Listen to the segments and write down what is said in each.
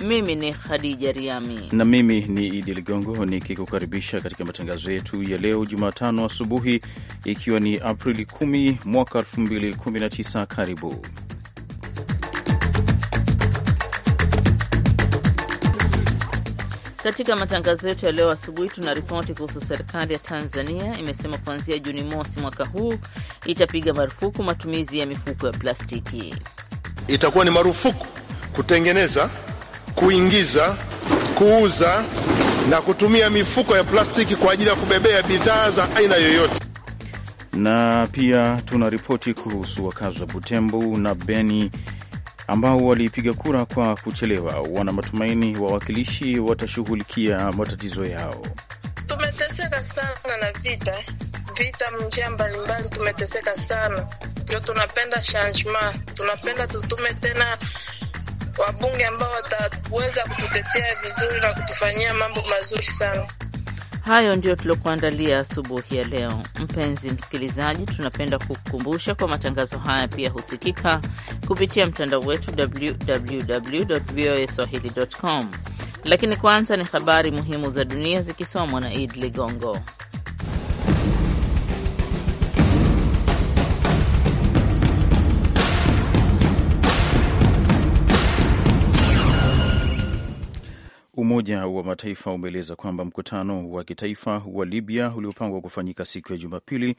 mimi ni Khadija Riami na mimi ni Idi Ligongo nikikukaribisha katika matangazo yetu ya leo Jumatano asubuhi, ikiwa ni Aprili 10 mwaka 2019. Karibu Katika matangazo yetu ya leo asubuhi tuna ripoti kuhusu serikali ya Tanzania imesema kuanzia Juni mosi mwaka huu itapiga marufuku matumizi ya mifuko ya plastiki. Itakuwa ni marufuku kutengeneza kuingiza, kuuza na kutumia mifuko ya plastiki kwa ajili ya kubebea bidhaa za aina yoyote. Na pia tuna ripoti kuhusu wakazi wa Butembo na Beni ambao walipiga kura kwa kuchelewa, wana matumaini wawakilishi watashughulikia matatizo yao. Tumeteseka sana na vita vita, njia mbalimbali, tumeteseka sana ndio tunapenda changement, tunapenda tutume tena wabunge ambao wataweza kututetea vizuri na kutufanyia mambo mazuri sana. Hayo ndiyo tuliokuandalia asubuhi ya leo. Mpenzi msikilizaji, tunapenda kukukumbusha kwa matangazo haya pia husikika kupitia mtandao wetu www voa swahili com. Lakini kwanza ni habari muhimu za dunia zikisomwa na Id Ligongo. Umoja wa Mataifa umeeleza kwamba mkutano wa kitaifa wa Libya uliopangwa kufanyika siku ya Jumapili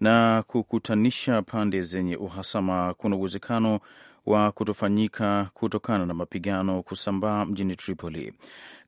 na kukutanisha pande zenye uhasama kuna uwezekano wa kutofanyika kutokana na mapigano kusambaa mjini Tripoli.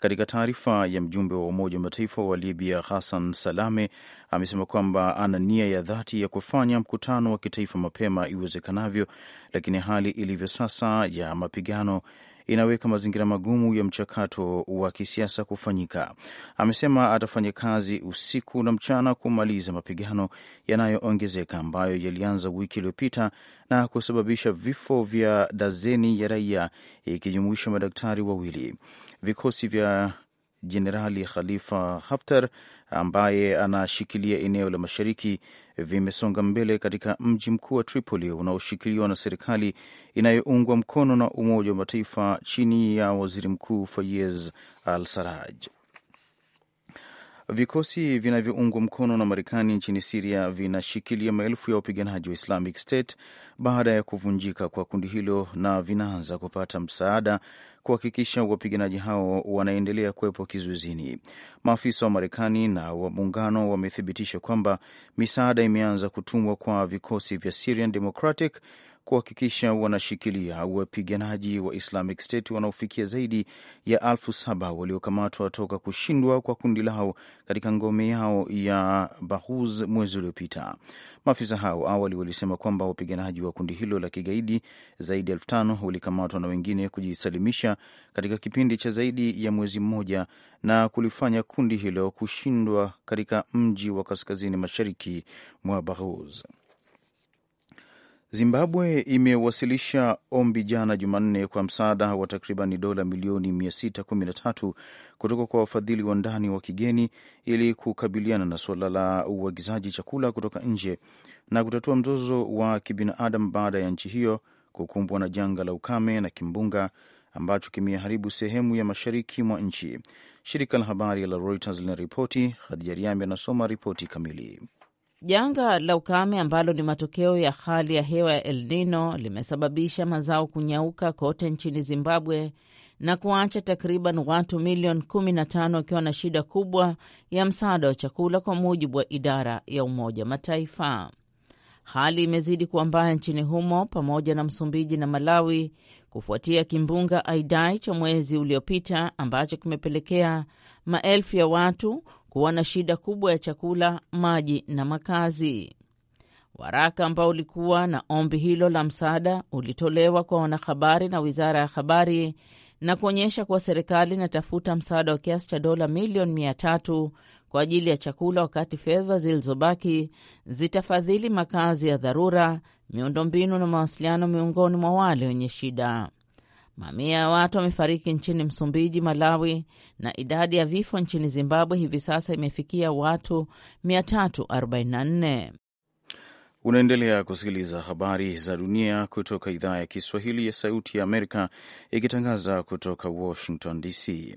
Katika taarifa ya mjumbe wa Umoja wa Mataifa wa Libya Hassan Salame amesema kwamba ana nia ya dhati ya kufanya mkutano wa kitaifa mapema iwezekanavyo, lakini hali ilivyo sasa ya mapigano inaweka mazingira magumu ya mchakato wa kisiasa kufanyika. Amesema atafanya kazi usiku na mchana kumaliza mapigano yanayoongezeka ambayo yalianza wiki iliyopita na kusababisha vifo vya dazeni ya raia ikijumuisha madaktari wawili. Vikosi vya Jenerali Khalifa Haftar ambaye anashikilia eneo la mashariki vimesonga mbele katika mji mkuu wa Tripoli unaoshikiliwa na serikali inayoungwa mkono na Umoja wa Mataifa chini ya waziri mkuu Fayez al saraj Vikosi vinavyoungwa mkono na Marekani nchini Siria vinashikilia maelfu ya wapiganaji wa Islamic State baada ya kuvunjika kwa kundi hilo na vinaanza kupata msaada kuhakikisha wapiganaji hao wanaendelea kuwepo kizuizini. Maafisa wa Marekani na wa muungano wamethibitisha kwamba misaada imeanza kutumwa kwa vikosi vya Syrian Democratic kuhakikisha wanashikilia wapiganaji wa Islamic State wanaofikia zaidi ya alfu saba waliokamatwa toka kushindwa kwa kundi lao katika ngome yao ya Bahuz mwezi uliopita. Maafisa hao awali walisema kwamba wapiganaji wa kundi hilo la kigaidi zaidi ya elfu tano walikamatwa na wengine kujisalimisha katika kipindi cha zaidi ya mwezi mmoja na kulifanya kundi hilo kushindwa katika mji wa kaskazini mashariki mwa Bahuz. Zimbabwe imewasilisha ombi jana Jumanne kwa msaada wa takriban dola milioni 613 kutoka kwa wafadhili wa ndani wa kigeni ili kukabiliana na suala la uagizaji chakula kutoka nje na kutatua mzozo wa kibinadamu baada ya nchi hiyo kukumbwa na janga la ukame na kimbunga ambacho kimeharibu sehemu ya mashariki mwa nchi. Shirika la habari la Reuters linaripoti. Hadija Riami anasoma ripoti kamili. Janga la ukame ambalo ni matokeo ya hali ya hewa ya El Nino limesababisha mazao kunyauka kote nchini Zimbabwe na kuacha takriban watu milioni 15 wakiwa na shida kubwa ya msaada wa chakula, kwa mujibu wa idara ya Umoja Mataifa. Hali imezidi kuwa mbaya nchini humo pamoja na Msumbiji na Malawi kufuatia kimbunga Aidai cha mwezi uliopita ambacho kimepelekea maelfu ya watu kuwa na shida kubwa ya chakula, maji na makazi. Waraka ambao ulikuwa na ombi hilo la msaada ulitolewa kwa wanahabari na wizara ya habari na kuonyesha kuwa serikali inatafuta msaada wa kiasi cha dola milioni mia tatu kwa ajili ya chakula, wakati fedha zilizobaki zitafadhili makazi ya dharura, miundombinu na mawasiliano miongoni mwa wale wenye shida. Mamia ya watu wamefariki nchini Msumbiji, Malawi na idadi ya vifo nchini Zimbabwe hivi sasa imefikia watu 344. Unaendelea kusikiliza habari za dunia kutoka idhaa ya Kiswahili ya Sauti ya Amerika ikitangaza kutoka Washington DC.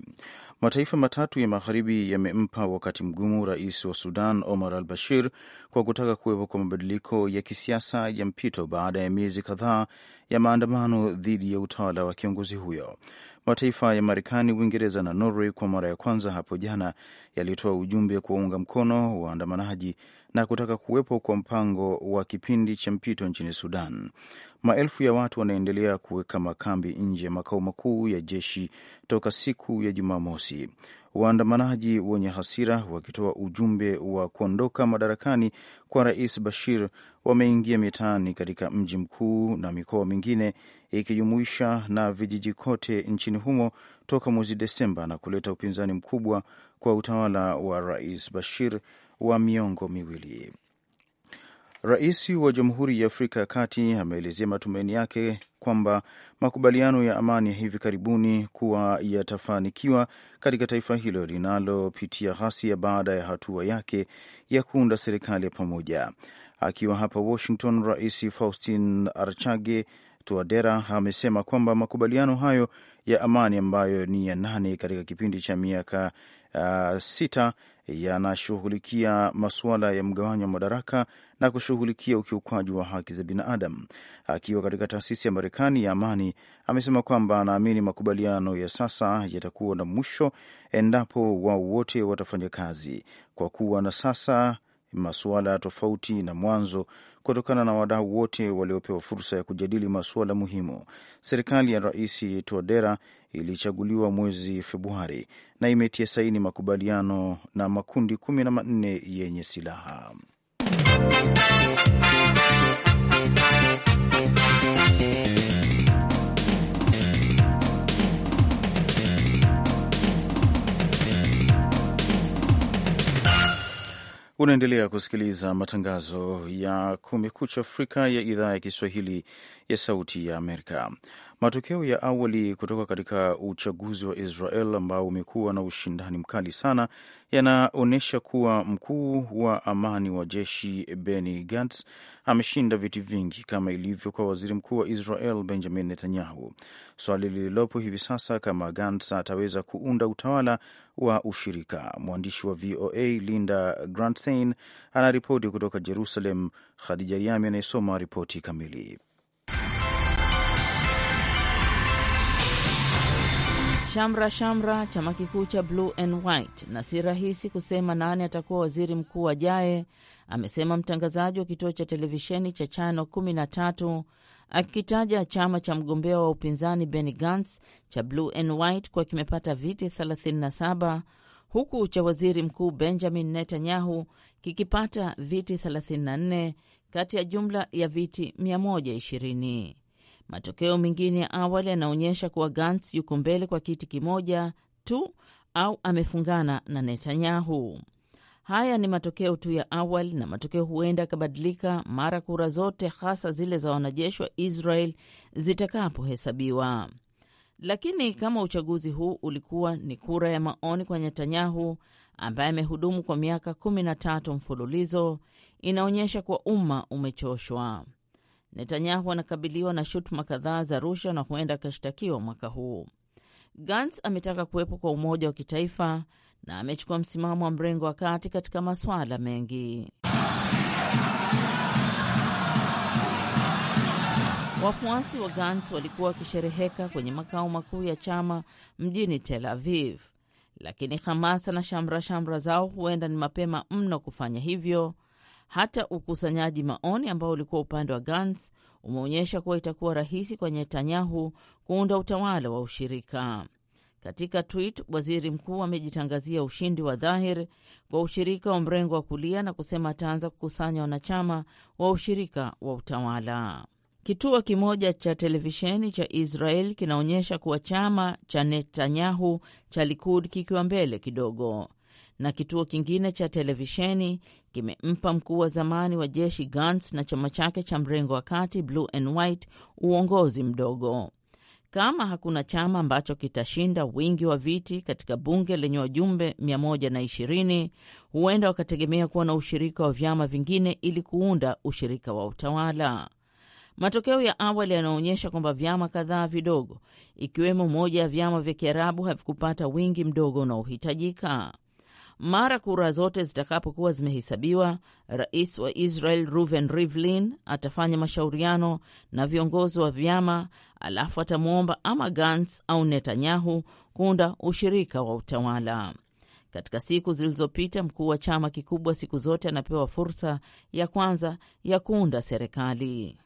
Mataifa matatu ya magharibi yamempa wakati mgumu rais wa Sudan Omar al Bashir kwa kutaka kuwepo kwa mabadiliko ya kisiasa ya mpito baada ya miezi kadhaa ya maandamano dhidi ya utawala wa kiongozi huyo. Mataifa ya Marekani, Uingereza na Norway kwa mara ya kwanza hapo jana yalitoa ujumbe kuwaunga mkono waandamanaji na kutaka kuwepo kwa mpango wa kipindi cha mpito nchini Sudan. Maelfu ya watu wanaendelea kuweka makambi nje ya makao makuu ya jeshi toka siku ya Jumamosi, waandamanaji wenye hasira wakitoa ujumbe wa kuondoka madarakani kwa Rais Bashir wameingia mitaani katika mji mkuu na mikoa mingine ikijumuisha na vijiji kote nchini humo toka mwezi Desemba na kuleta upinzani mkubwa kwa utawala wa Rais Bashir wa miongo miwili. Rais wa Jamhuri ya Afrika ya Kati ameelezea matumaini yake kwamba makubaliano ya amani ya hivi karibuni kuwa yatafanikiwa katika taifa hilo linalopitia ghasia baada ya hatua yake ya kuunda serikali ya pamoja. Akiwa hapa Washington, Rais Faustin Archange Touadera amesema kwamba makubaliano hayo ya amani ambayo ni ya nane katika kipindi cha miaka uh, sita yanashughulikia masuala ya mgawanyo wa madaraka na kushughulikia ukiukwaji wa haki za binadamu. Akiwa katika taasisi ya Marekani ya amani, amesema kwamba anaamini makubaliano ya sasa yatakuwa na mwisho endapo wao wote watafanya kazi, kwa kuwa na sasa masuala tofauti na mwanzo kutokana na wadau wote waliopewa fursa ya kujadili masuala muhimu. Serikali ya Rais todera ilichaguliwa mwezi Februari na imetia saini makubaliano na makundi kumi na manne yenye silaha Unaendelea kusikiliza matangazo ya Kumekucha Afrika ya idhaa ya Kiswahili ya Sauti ya Amerika. Matokeo ya awali kutoka katika uchaguzi wa Israel ambao umekuwa na ushindani mkali sana yanaonyesha kuwa mkuu wa amani wa jeshi Benny Gantz ameshinda viti vingi kama ilivyo kwa waziri mkuu wa Israel Benjamin Netanyahu. Swali lililopo hivi sasa kama Gantz ataweza kuunda utawala wa ushirika. Mwandishi wa VOA Linda Grantstein anaripoti kutoka Jerusalem. Khadija Riami anayesoma ripoti kamili. Shamra shamra chama kikuu cha Blue and White, na si rahisi kusema nani atakuwa waziri mkuu ajaye, amesema mtangazaji wa kituo cha televisheni cha chano 13 akikitaja chama cha mgombea wa upinzani Benny Gantz cha Blue and White kuwa kimepata viti 37 huku cha waziri mkuu Benjamin Netanyahu kikipata viti 34 kati ya jumla ya viti 120. Matokeo mengine ya awali yanaonyesha kuwa Gantz yuko mbele kwa kiti kimoja tu au amefungana na Netanyahu. Haya ni matokeo tu ya awali, na matokeo huenda yakabadilika mara kura zote, hasa zile za wanajeshi wa Israel zitakapohesabiwa. Lakini kama uchaguzi huu ulikuwa ni kura ya maoni kwa Netanyahu ambaye amehudumu kwa miaka kumi na tatu mfululizo, inaonyesha kuwa umma umechoshwa. Netanyahu anakabiliwa na shutuma kadhaa za rushwa na huenda akashtakiwa mwaka huu. Gantz ametaka kuwepo kwa umoja wa kitaifa na amechukua msimamo wa mrengo wa kati katika masuala mengi. Wafuasi wa Gantz walikuwa wakishereheka kwenye makao makuu ya chama mjini Tel Aviv, lakini Hamas na shamra shamra zao huenda ni mapema mno kufanya hivyo hata ukusanyaji maoni ambao ulikuwa upande wa gans umeonyesha kuwa itakuwa rahisi kwa Netanyahu kuunda utawala wa ushirika. Katika tweet, waziri mkuu amejitangazia ushindi wa dhahir kwa ushirika wa mrengo wa kulia na kusema ataanza kukusanya wanachama wa ushirika wa utawala. Kituo kimoja cha televisheni cha Israel kinaonyesha kuwa chama cha Netanyahu cha Likud kikiwa mbele kidogo na kituo kingine cha televisheni kimempa mkuu wa zamani wa jeshi Gantz na chama chake cha mrengo wa kati Blue and White uongozi mdogo. Kama hakuna chama ambacho kitashinda wingi wa viti katika bunge lenye wajumbe 120, huenda wakategemea kuwa na ushirika wa vyama vingine ili kuunda ushirika wa utawala. Matokeo ya awali yanaonyesha kwamba vyama kadhaa vidogo, ikiwemo moja ya vyama vya Kiarabu, havikupata wingi mdogo unaohitajika. Mara kura zote zitakapokuwa zimehesabiwa, rais wa Israel Ruven Rivlin atafanya mashauriano na viongozi wa vyama, alafu atamwomba ama Gantz au Netanyahu kuunda ushirika wa utawala. Katika siku zilizopita, mkuu wa chama kikubwa siku zote anapewa fursa ya kwanza ya kuunda serikali.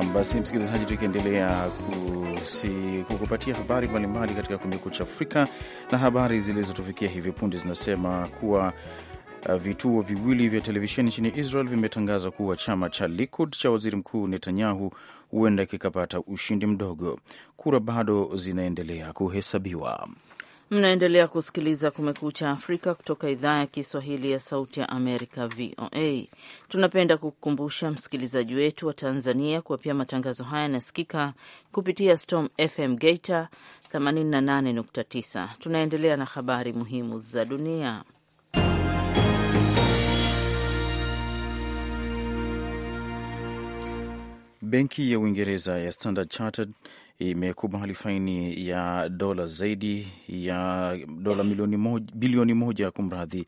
Nam, basi msikilizaji, tukiendelea kusi, kukupatia habari mbalimbali katika Kumekucha Afrika, na habari zilizotufikia hivi punde zinasema kuwa uh, vituo viwili vya televisheni nchini Israel vimetangaza kuwa chama cha Likud cha waziri mkuu Netanyahu huenda kikapata ushindi mdogo. Kura bado zinaendelea kuhesabiwa. Mnaendelea kusikiliza Kumekucha Afrika kutoka idhaa ya Kiswahili ya Sauti ya Amerika, VOA. Tunapenda kukukumbusha msikilizaji wetu wa Tanzania kuwa pia matangazo haya yanasikika kupitia Storm FM Geita 88.9. Tunaendelea na habari muhimu za dunia. Benki ya Uingereza ya Standard Chartered imekubali faini ya dola zaidi ya dola milioni moja, bilioni moja kumradhi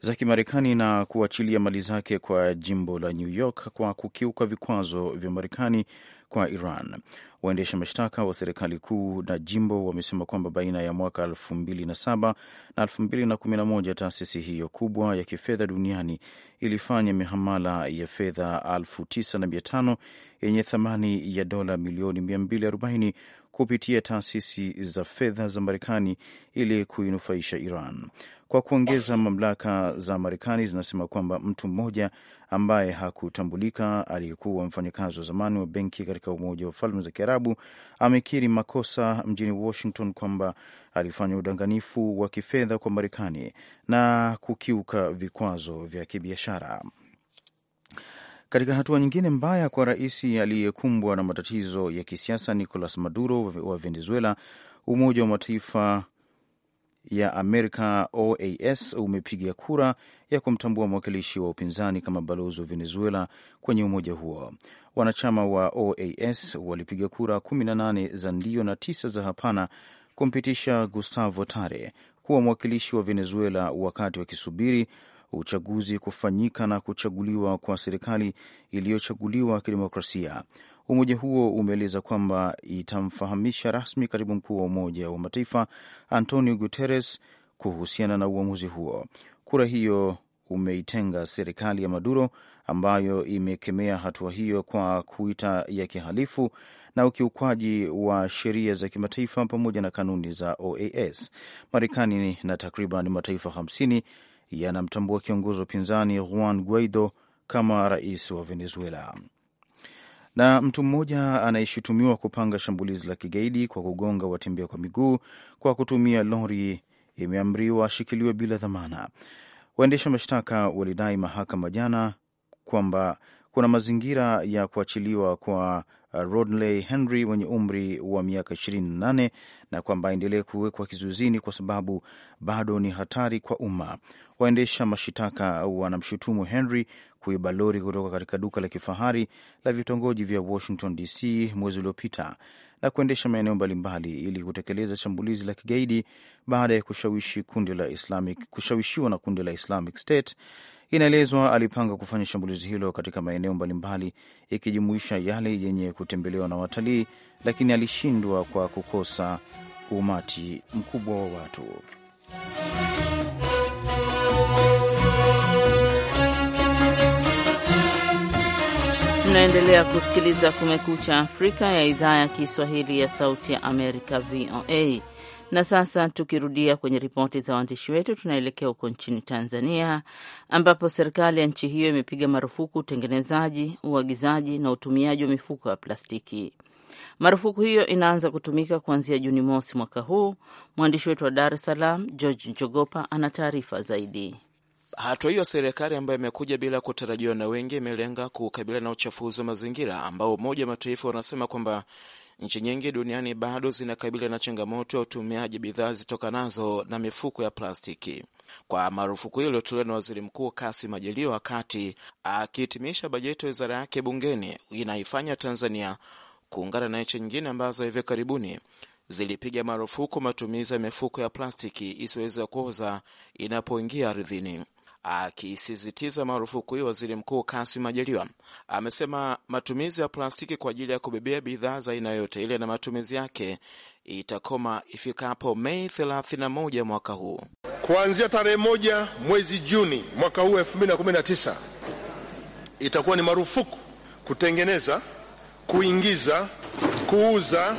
za Kimarekani na kuachilia mali zake kwa jimbo la New York kwa kukiuka vikwazo vya Marekani kwa Iran. Waendesha mashtaka wa serikali kuu na jimbo wamesema kwamba baina ya mwaka 2007 na 2011 taasisi hiyo kubwa ya kifedha duniani ilifanya mihamala ya fedha 9500 yenye thamani ya dola milioni 240 kupitia taasisi za fedha za Marekani ili kuinufaisha Iran. Kwa kuongeza, mamlaka za Marekani zinasema kwamba mtu mmoja ambaye hakutambulika, aliyekuwa mfanyakazi wa zamani wa benki katika Umoja wa Falme za Kiarabu, amekiri makosa mjini Washington kwamba alifanya udanganifu wa kifedha kwa Marekani na kukiuka vikwazo vya kibiashara. Katika hatua nyingine mbaya kwa rais aliyekumbwa na matatizo ya kisiasa Nicolas Maduro wa Venezuela, Umoja wa Mataifa ya Amerika OAS umepiga kura ya kumtambua mwakilishi wa upinzani kama balozi wa Venezuela kwenye umoja huo. Wanachama wa OAS walipiga kura 18 za ndio na tisa za hapana kumpitisha Gustavo Tare kuwa mwakilishi wa Venezuela wakati wakisubiri uchaguzi kufanyika na kuchaguliwa kwa serikali iliyochaguliwa kidemokrasia. Umoja huo umeeleza kwamba itamfahamisha rasmi katibu mkuu wa Umoja wa Mataifa Antonio Guterres kuhusiana na uamuzi huo. Kura hiyo umeitenga serikali ya Maduro ambayo imekemea hatua hiyo kwa kuita ya kihalifu na ukiukwaji wa sheria za kimataifa pamoja na kanuni za OAS. Marekani na takriban mataifa hamsini yanamtambua kiongozi wa upinzani Juan Guaido kama rais wa Venezuela. Na mtu mmoja anayeshutumiwa kupanga shambulizi la kigaidi kwa kugonga watembea kwa miguu kwa kutumia lori imeamriwa ashikiliwe bila dhamana. Waendesha mashtaka walidai mahakama jana kwamba kuna mazingira ya kuachiliwa kwa uh, Rodney Henry mwenye umri wa miaka 28 na kwamba aendelee kuwekwa kizuizini kwa sababu bado ni hatari kwa umma. Waendesha mashitaka wanamshutumu Henry kuiba lori kutoka katika duka la kifahari la vitongoji vya Washington DC mwezi uliopita na kuendesha maeneo mbalimbali ili kutekeleza shambulizi la kigaidi baada ya kushawishi kundi la Islamic, kushawishiwa na kundi la Islamic State Inaelezwa alipanga kufanya shambulizi hilo katika maeneo mbalimbali ikijumuisha yale yenye kutembelewa na watalii, lakini alishindwa kwa kukosa umati mkubwa wa watu. Naendelea kusikiliza Kumekucha Afrika ya idhaa ya Kiswahili ya Sauti ya Amerika, VOA. Na sasa tukirudia kwenye ripoti za waandishi wetu, tunaelekea huko nchini Tanzania ambapo serikali ya nchi hiyo imepiga marufuku utengenezaji, uagizaji na utumiaji wa mifuko ya plastiki. Marufuku hiyo inaanza kutumika kuanzia Juni mosi mwaka huu. Mwandishi wetu wa Dar es Salaam George Njogopa ana taarifa zaidi. Hatua hiyo serikali ambayo imekuja bila kutarajiwa na wengi imelenga kukabiliana na uchafuzi wa mazingira ambao Umoja wa Mataifa unasema kwamba Nchi nyingi duniani bado zinakabiliwa na changamoto ya utumiaji bidhaa zitokanazo na mifuko ya plastiki. Kwa marufuku hiyo iliyotolewa na waziri mkuu Kassim Majaliwa wakati akihitimisha bajeti ya wizara yake bungeni, inaifanya Tanzania kuungana na nchi nyingine ambazo hivi karibuni zilipiga marufuku matumizi ya mifuko ya plastiki isiyoweza kuoza inapoingia ardhini. Akisisitiza marufuku hiyo, waziri mkuu Kassim Majaliwa amesema matumizi ya plastiki kwa ajili ya kubebea bidhaa za aina yoyote ile na matumizi yake itakoma ifikapo Mei 31 mwaka huu. Kuanzia tarehe moja mwezi Juni mwaka huu 2019 itakuwa ni marufuku kutengeneza, kuingiza, kuuza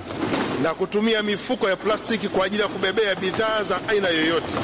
na kutumia mifuko ya plastiki kwa ajili ya kubebea bidhaa za aina yoyote.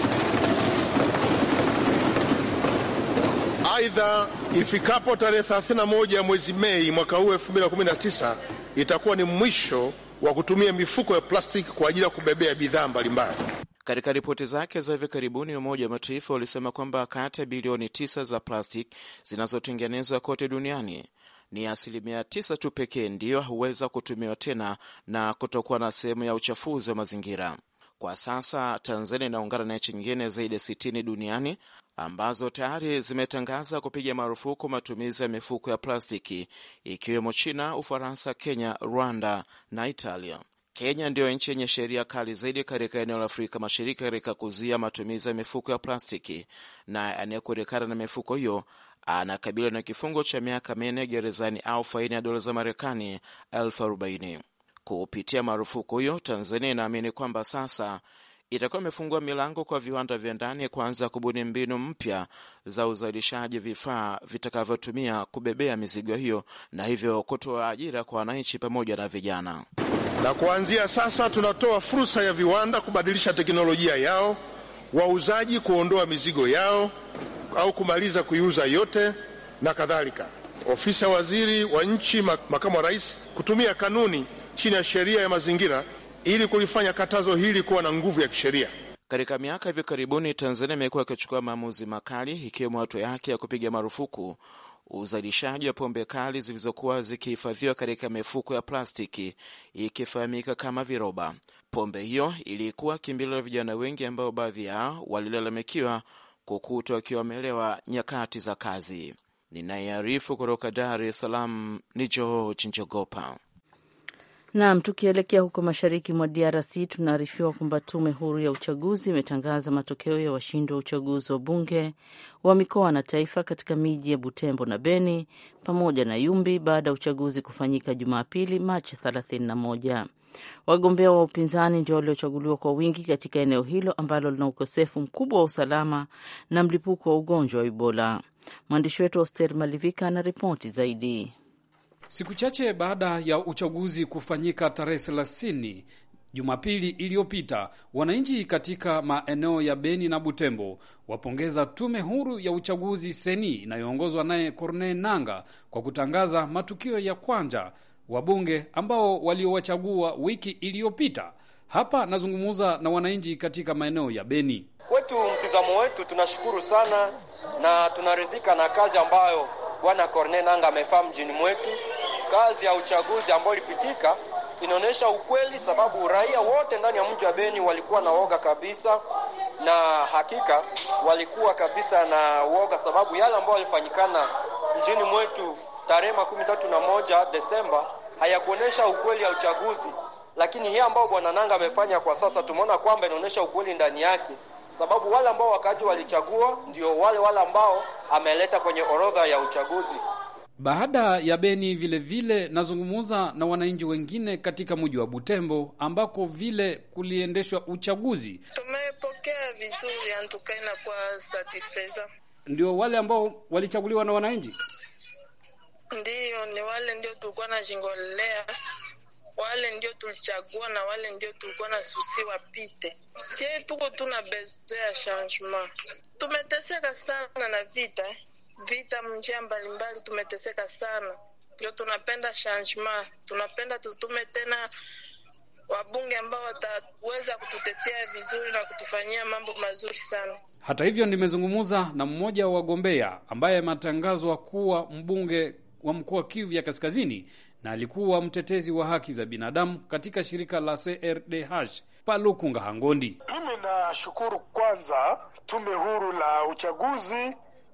Aidha, ifikapo tarehe 31 ya mwezi Mei mwaka huu 2019 itakuwa ni mwisho wa kutumia mifuko ya plastiki kwa ajili ya kubebea bidhaa mbalimbali. Katika ripoti zake za hivi karibuni, Umoja wa Mataifa ulisema kwamba kati ya bilioni tisa za plastiki zinazotengenezwa kote duniani ni asilimia tisa tu pekee ndiyo huweza kutumiwa tena na kutokuwa na sehemu ya uchafuzi wa mazingira. Kwa sasa Tanzania inaungana na nchi nyingine zaidi ya 60 duniani ambazo tayari zimetangaza kupiga marufuku matumizi ya mifuko ya plastiki ikiwemo China, Ufaransa, Kenya, Rwanda na Italia. Kenya ndiyo nchi yenye sheria kali zaidi katika eneo la Afrika Mashariki katika kuzuia matumizi ya mifuko ya plastiki, na anayekurikana na mifuko hiyo anakabiliwa na kifungo cha miaka minne gerezani au faini ya dola za Marekani elfu arobaini. Kupitia marufuku hiyo, Tanzania inaamini kwamba sasa itakuwa imefungua milango kwa viwanda vya ndani kuanza kubuni mbinu mpya za uzalishaji vifaa vitakavyotumia kubebea mizigo hiyo, na hivyo kutoa ajira kwa wananchi pamoja na vijana. Na kuanzia sasa tunatoa fursa ya viwanda kubadilisha teknolojia yao, wauzaji kuondoa mizigo yao au kumaliza kuiuza yote na kadhalika. ofisa ya Waziri wa Nchi, makamu wa Rais, kutumia kanuni chini ya sheria ya mazingira ili kulifanya katazo hili kuwa na nguvu ya kisheria. Katika miaka hivi karibuni, Tanzania imekuwa ikichukua maamuzi makali, ikiwemo hatua yake ya kupiga marufuku uzalishaji wa pombe kali zilizokuwa zikihifadhiwa katika mifuko ya plastiki ikifahamika kama viroba. Pombe hiyo ilikuwa kimbilio la vijana wengi ambao baadhi yao walilalamikiwa kukutwa wakiwa wamelewa nyakati za kazi. Ninayearifu kutoka Dar es Salaam ni George Njogopa. Naam, tukielekea huko mashariki mwa DRC tunaarifiwa kwamba tume huru ya uchaguzi imetangaza matokeo ya washindi wa uchaguzi wa bunge wa mikoa na taifa katika miji ya Butembo na Beni pamoja na Yumbi baada ya uchaguzi kufanyika Jumapili, Machi 31. Wagombea wa upinzani ndio waliochaguliwa kwa wingi katika eneo hilo ambalo lina ukosefu mkubwa wa usalama na mlipuko wa ugonjwa wa Ebola. Mwandishi wetu Oster Malivika ana ripoti zaidi. Siku chache baada ya uchaguzi kufanyika tarehe 30 Jumapili iliyopita, wananchi katika maeneo ya Beni na Butembo wapongeza tume huru ya uchaguzi seni inayoongozwa naye Corneille Nanga kwa kutangaza matukio ya kwanja wabunge ambao waliowachagua wiki iliyopita. Hapa nazungumza na wananchi katika maeneo ya Beni. Kwetu mtizamo wetu, tunashukuru sana na tunaridhika na kazi ambayo Bwana Corneille Nanga amefaa mjini mwetu kazi ya uchaguzi ambayo ilipitika inaonyesha ukweli, sababu raia wote ndani ya mji wa Beni walikuwa na woga kabisa, na hakika walikuwa kabisa na woga, sababu yale ambayo yalifanyikana mjini mwetu tarehe makumi tatu na moja Desemba hayakuonyesha ukweli ya uchaguzi, lakini hii ambayo bwana Nanga amefanya kwa sasa tumeona kwamba inaonyesha ukweli ndani yake, sababu wale ambao wakaaji walichagua ndio wale wale ambao ameleta kwenye orodha ya uchaguzi. Baada ya Beni vilevile, nazungumza na wananchi wengine katika mji wa Butembo ambako vile kuliendeshwa uchaguzi. Tumepokea vizuri, antukaina kwa satisfeza. Ndio wale ambao walichaguliwa na wananchi, ndiyo ni wale ndio tulikuwa na jingolea wale ndio tulichagua na wale ndio tulikuwa na susi wapite. Sie tuko tuna bezo ya changement, tumeteseka sana na vita eh? vita njia mbalimbali, tumeteseka sana. Ndio tunapenda changement, tunapenda tutume tena wabunge ambao wataweza kututetea vizuri na kutufanyia mambo mazuri sana. Hata hivyo, nimezungumza na mmoja wa wagombea ambaye ametangazwa kuwa mbunge wa mkoa wa Kivu ya Kaskazini na alikuwa mtetezi wa haki za binadamu katika shirika la CRDH Palukunga Hangondi. Mimi nashukuru kwanza tume huru la uchaguzi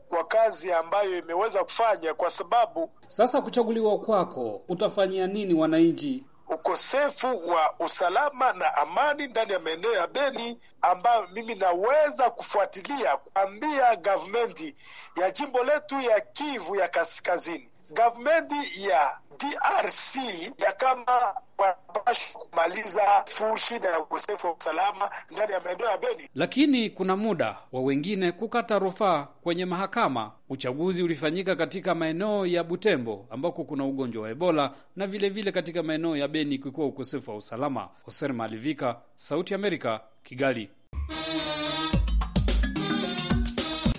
kwa kazi ambayo imeweza kufanya, kwa sababu sasa kuchaguliwa kwako utafanyia nini wananchi? Ukosefu wa usalama na amani ndani ya maeneo ya Beni ambayo mimi naweza kufuatilia kuambia gavumenti ya jimbo letu ya Kivu ya Kaskazini, gavumenti ya DRC ya kama wanapashwa kumaliza full shida ya ukosefu wa usalama ndani ya maeneo ya Beni. Lakini kuna muda wa wengine kukata rufaa kwenye mahakama. Uchaguzi ulifanyika katika maeneo ya Butembo ambako kuna ugonjwa wa Ebola na vilevile vile katika maeneo ya Beni kukiwa ukosefu wa usalama. hoser Malivika, Sauti ya Amerika, Kigali.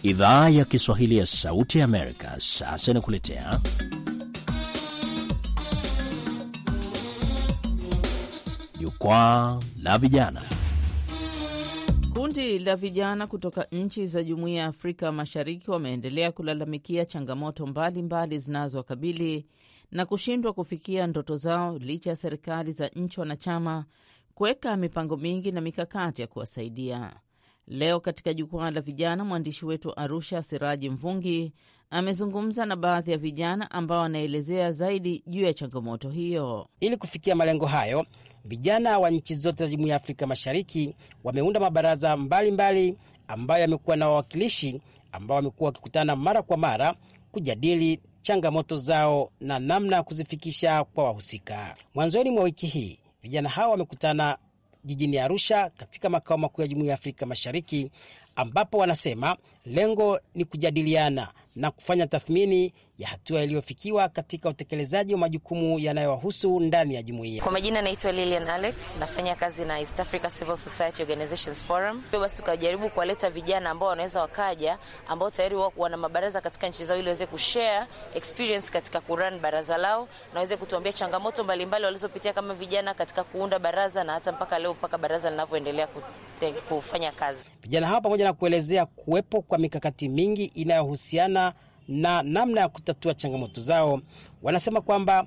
Idhaa ya Kiswahili ya Sauti ya Amerika sasa inakuletea Jukwaa la Vijana. Kundi la vijana kutoka nchi za Jumuiya ya Afrika Mashariki wameendelea kulalamikia changamoto mbalimbali zinazowakabili na kushindwa kufikia ndoto zao licha ya serikali za nchi wanachama kuweka mipango mingi na mikakati ya kuwasaidia. Leo katika Jukwaa la Vijana, mwandishi wetu Arusha, Siraji Mvungi, amezungumza na baadhi ya vijana ambao wanaelezea zaidi juu ya changamoto hiyo. Ili kufikia malengo hayo Vijana wa nchi zote za Jumuiya ya Afrika Mashariki wameunda mabaraza mbalimbali mbali ambayo yamekuwa na wawakilishi ambao wamekuwa wakikutana mara kwa mara kujadili changamoto zao na namna ya kuzifikisha kwa wahusika. Mwanzoni mwa wiki hii vijana hao wamekutana jijini Arusha katika makao makuu ya Jumuiya ya Afrika Mashariki ambapo wanasema lengo ni kujadiliana na kufanya tathmini ya hatua iliyofikiwa katika utekelezaji wa majukumu yanayowahusu ndani ya jumuiya. Kwa majina naitwa Lilian Alex, nafanya kazi na East Africa Civil Society Organizations Forum. Hivyo basi tukajaribu kuwaleta vijana ambao wanaweza wakaja, ambao tayari wana mabaraza katika nchi zao, ili waweze kushare experience katika kuran baraza lao na waweze kutuambia changamoto mbalimbali walizopitia kama vijana katika kuunda baraza na hata mpaka leo mpaka baraza linavyoendelea kufanya kazi. Vijana hawa pamoja na kuelezea kuwepo kwa mikakati mingi inayohusiana na namna ya kutatua changamoto zao. Wanasema kwamba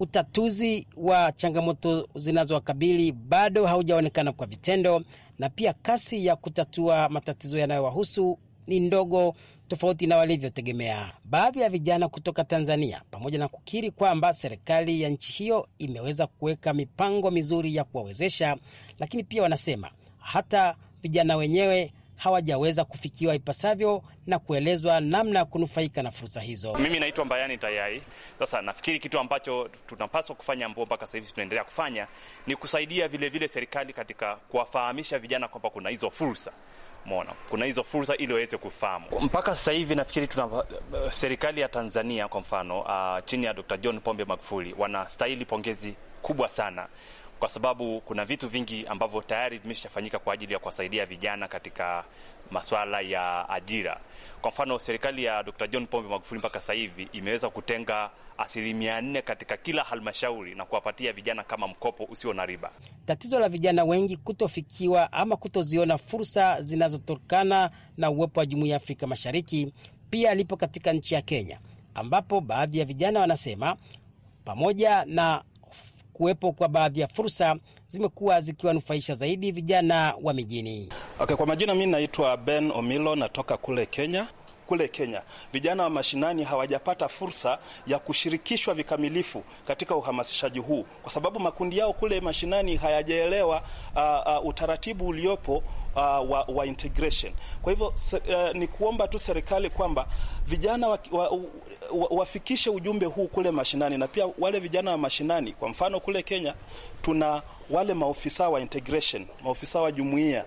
utatuzi wa changamoto zinazowakabili bado haujaonekana kwa vitendo, na pia kasi ya kutatua matatizo yanayowahusu ni ndogo tofauti na walivyotegemea. Baadhi ya vijana kutoka Tanzania, pamoja na kukiri kwamba serikali ya nchi hiyo imeweza kuweka mipango mizuri ya kuwawezesha, lakini pia wanasema hata vijana wenyewe hawajaweza kufikiwa ipasavyo na kuelezwa namna ya kunufaika na fursa hizo. Mimi naitwa Mbayani Tayai. Sasa nafikiri kitu ambacho tunapaswa kufanya, ambao mpaka sasa hivi tunaendelea kufanya, ni kusaidia vilevile vile serikali katika kuwafahamisha vijana kwamba kuna hizo fursa Mona, kuna hizo fursa ili waweze kufahamu. Mpaka sasa hivi nafikiri tuna eh, serikali ya Tanzania kwa mfano uh, chini ya Dr. John Pombe Magufuli wanastahili pongezi kubwa sana kwa sababu kuna vitu vingi ambavyo tayari vimeshafanyika kwa ajili ya kuwasaidia vijana katika masuala ya ajira. Kwa mfano, serikali ya Dr. John Pombe Magufuli mpaka sasa hivi imeweza kutenga asilimia nne katika kila halmashauri na kuwapatia vijana kama mkopo usio na riba. Tatizo la vijana wengi kutofikiwa ama kutoziona fursa zinazotokana na uwepo wa Jumuiya ya Afrika Mashariki pia lipo katika nchi ya Kenya, ambapo baadhi ya vijana wanasema pamoja na kuwepo kwa baadhi ya fursa zimekuwa zikiwanufaisha zaidi vijana wa mijini. Okay, kwa majina mi naitwa Ben Omilo, natoka kule Kenya. Kule Kenya vijana wa mashinani hawajapata fursa ya kushirikishwa vikamilifu katika uhamasishaji huu kwa sababu makundi yao kule mashinani hayajaelewa uh, uh, utaratibu uliopo uh, wa, wa integration. Kwa hivyo uh, ni kuomba tu serikali kwamba vijana wa, wa, wafikishe ujumbe huu kule mashinani, na pia wale vijana wa mashinani. Kwa mfano kule Kenya tuna wale maofisa wa integration, maofisa wa jumuiya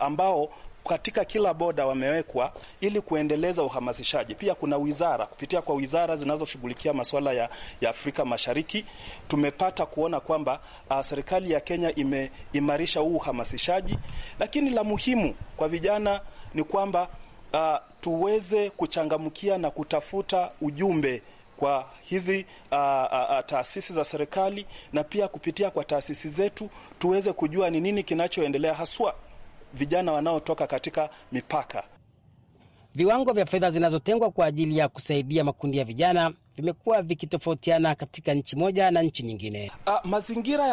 ambao katika kila boda wamewekwa ili kuendeleza uhamasishaji. Pia kuna wizara, kupitia kwa wizara zinazoshughulikia masuala ya, ya Afrika Mashariki tumepata kuona kwamba uh, serikali ya Kenya imeimarisha huu uhamasishaji, lakini la muhimu kwa vijana ni kwamba uh, tuweze kuchangamkia na kutafuta ujumbe kwa hizi uh, uh, uh, taasisi za serikali na pia kupitia kwa taasisi zetu tuweze kujua ni nini kinachoendelea haswa vijana wanaotoka katika mipaka. Viwango vya fedha zinazotengwa kwa ajili ya kusaidia makundi ya vijana vimekuwa vikitofautiana katika nchi moja na nchi nyingine. A, uh, mazingira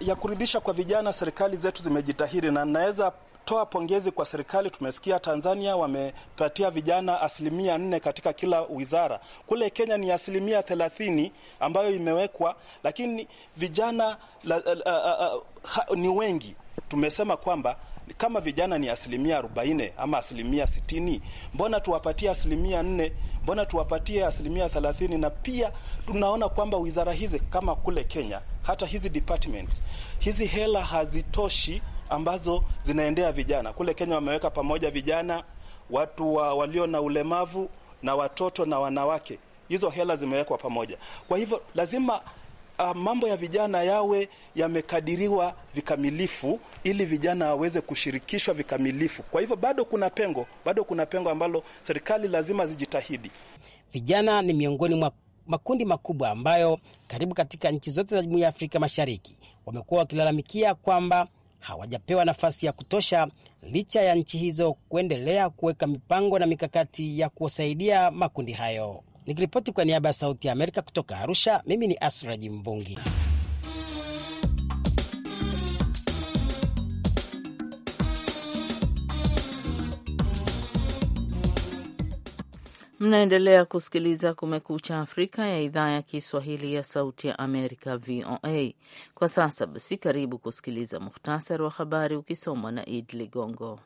ya kuridhisha kwa vijana serikali zetu zimejitahidi, na naweza tunatoa pongezi kwa serikali. Tumesikia Tanzania wamepatia vijana asilimia nne katika kila wizara. Kule Kenya ni asilimia thelathini ambayo imewekwa, lakini vijana la, la, la, la, ha, ni wengi. Tumesema kwamba kama vijana ni asilimia 40 ama asilimia 60, mbona tuwapatie asilimia 4? Mbona tuwapatie asilimia 30? Na pia tunaona kwamba wizara hizi kama kule Kenya, hata hizi departments, hizi hela hazitoshi ambazo zinaendea vijana. Kule Kenya wameweka pamoja vijana, watu wa walio na ulemavu na watoto na wanawake. Hizo hela zimewekwa pamoja. Kwa hivyo lazima uh, mambo ya vijana yawe yamekadiriwa vikamilifu ili vijana waweze kushirikishwa vikamilifu. Kwa hivyo bado kuna pengo, bado kuna pengo ambalo serikali lazima zijitahidi. Vijana ni miongoni mwa makundi makubwa ambayo karibu katika nchi zote za Jumuiya ya Afrika Mashariki wamekuwa wakilalamikia kwamba hawajapewa nafasi ya kutosha licha ya nchi hizo kuendelea kuweka mipango na mikakati ya kuwasaidia makundi hayo. Nikiripoti kwa niaba ya Sauti ya Amerika kutoka Arusha, mimi ni Asraji mbungi Mnaendelea kusikiliza Kumekucha Afrika ya idhaa ya Kiswahili ya Sauti ya Amerika, VOA. Kwa sasa basi, karibu kusikiliza muhtasari wa habari ukisomwa na Id Ligongo.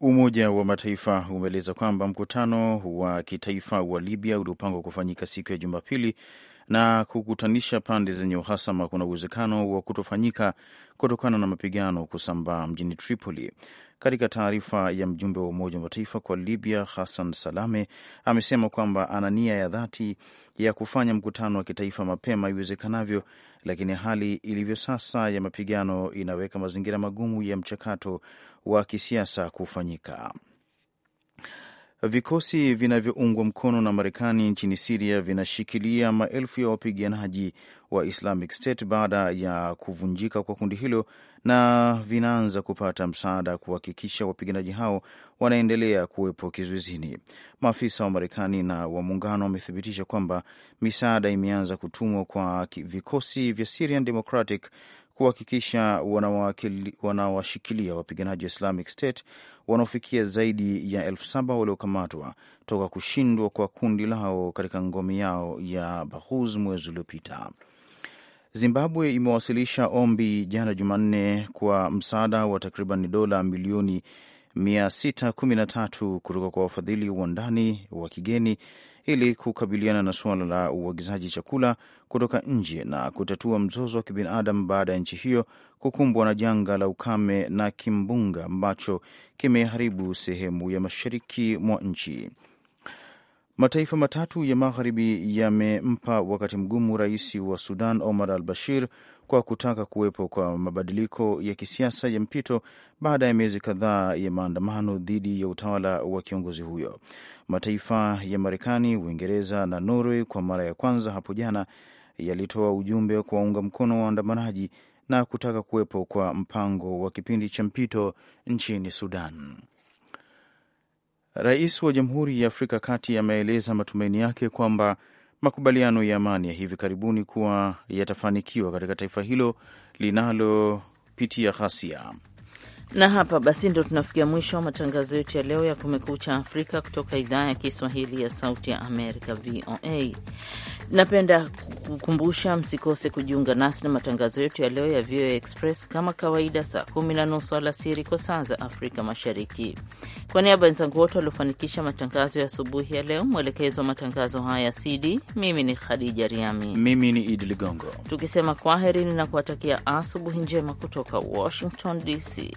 Umoja wa Mataifa umeeleza kwamba mkutano wa kitaifa wa Libya uliopangwa kufanyika siku ya Jumapili na kukutanisha pande zenye uhasama kuna uwezekano wa kutofanyika kutokana na mapigano kusambaa mjini Tripoli. Katika taarifa ya mjumbe wa Umoja wa Mataifa kwa Libya, Hassan Salame amesema kwamba ana nia ya dhati ya kufanya mkutano wa kitaifa mapema iwezekanavyo, lakini hali ilivyo sasa ya mapigano inaweka mazingira magumu ya mchakato wa kisiasa kufanyika. Vikosi vinavyoungwa mkono na Marekani nchini Siria vinashikilia maelfu ya wapiganaji wa Islamic State baada ya kuvunjika kwa kundi hilo na vinaanza kupata msaada kuhakikisha wapiganaji hao wanaendelea kuwepo kizuizini. Maafisa wa Marekani na wa muungano wamethibitisha kwamba misaada imeanza kutumwa kwa vikosi vya Syrian Democratic kuhakikisha wanawashikilia wapiganaji wa Islamic State wanaofikia zaidi ya elfu saba waliokamatwa toka kushindwa kwa kundi lao katika ngome yao ya Bahuz mwezi uliopita. Zimbabwe imewasilisha ombi jana Jumanne kwa msaada wa takriban dola milioni 613 kutoka kwa wafadhili wa ndani wa kigeni ili kukabiliana na suala la uagizaji chakula kutoka nje na kutatua mzozo wa kibinadamu baada ya nchi hiyo kukumbwa na janga la ukame na kimbunga ambacho kimeharibu sehemu ya mashariki mwa nchi. Mataifa matatu ya magharibi yamempa wakati mgumu rais wa Sudan Omar al Bashir kwa kutaka kuwepo kwa mabadiliko ya kisiasa ya mpito baada ya miezi kadhaa ya maandamano dhidi ya utawala wa kiongozi huyo. Mataifa ya Marekani, Uingereza na Norway kwa mara ya kwanza hapo jana yalitoa ujumbe kwa waunga mkono waandamanaji na kutaka kuwepo kwa mpango wa kipindi cha mpito nchini Sudan. Rais wa Jamhuri ya Afrika Kati ameeleza matumaini yake kwamba makubaliano ya amani ya hivi karibuni kuwa yatafanikiwa katika taifa hilo linalopitia ghasia. Na hapa basi ndo tunafikia mwisho wa matangazo yetu ya leo ya Kumekucha Afrika kutoka idhaa ya Kiswahili ya Sauti ya Amerika, VOA. Napenda kukumbusha msikose kujiunga nasi na matangazo yetu ya leo ya VOA Express kama kawaida, saa kumi na nusu alasiri kwa saa za Afrika Mashariki. Kwa niaba ya wenzangu wote waliofanikisha matangazo ya asubuhi ya leo, mwelekezo wa matangazo haya CD, mimi ni Khadija Riami, mimi ni Idi Ligongo, tukisema kwaherini na kuwatakia asubuhi njema kutoka Washington DC.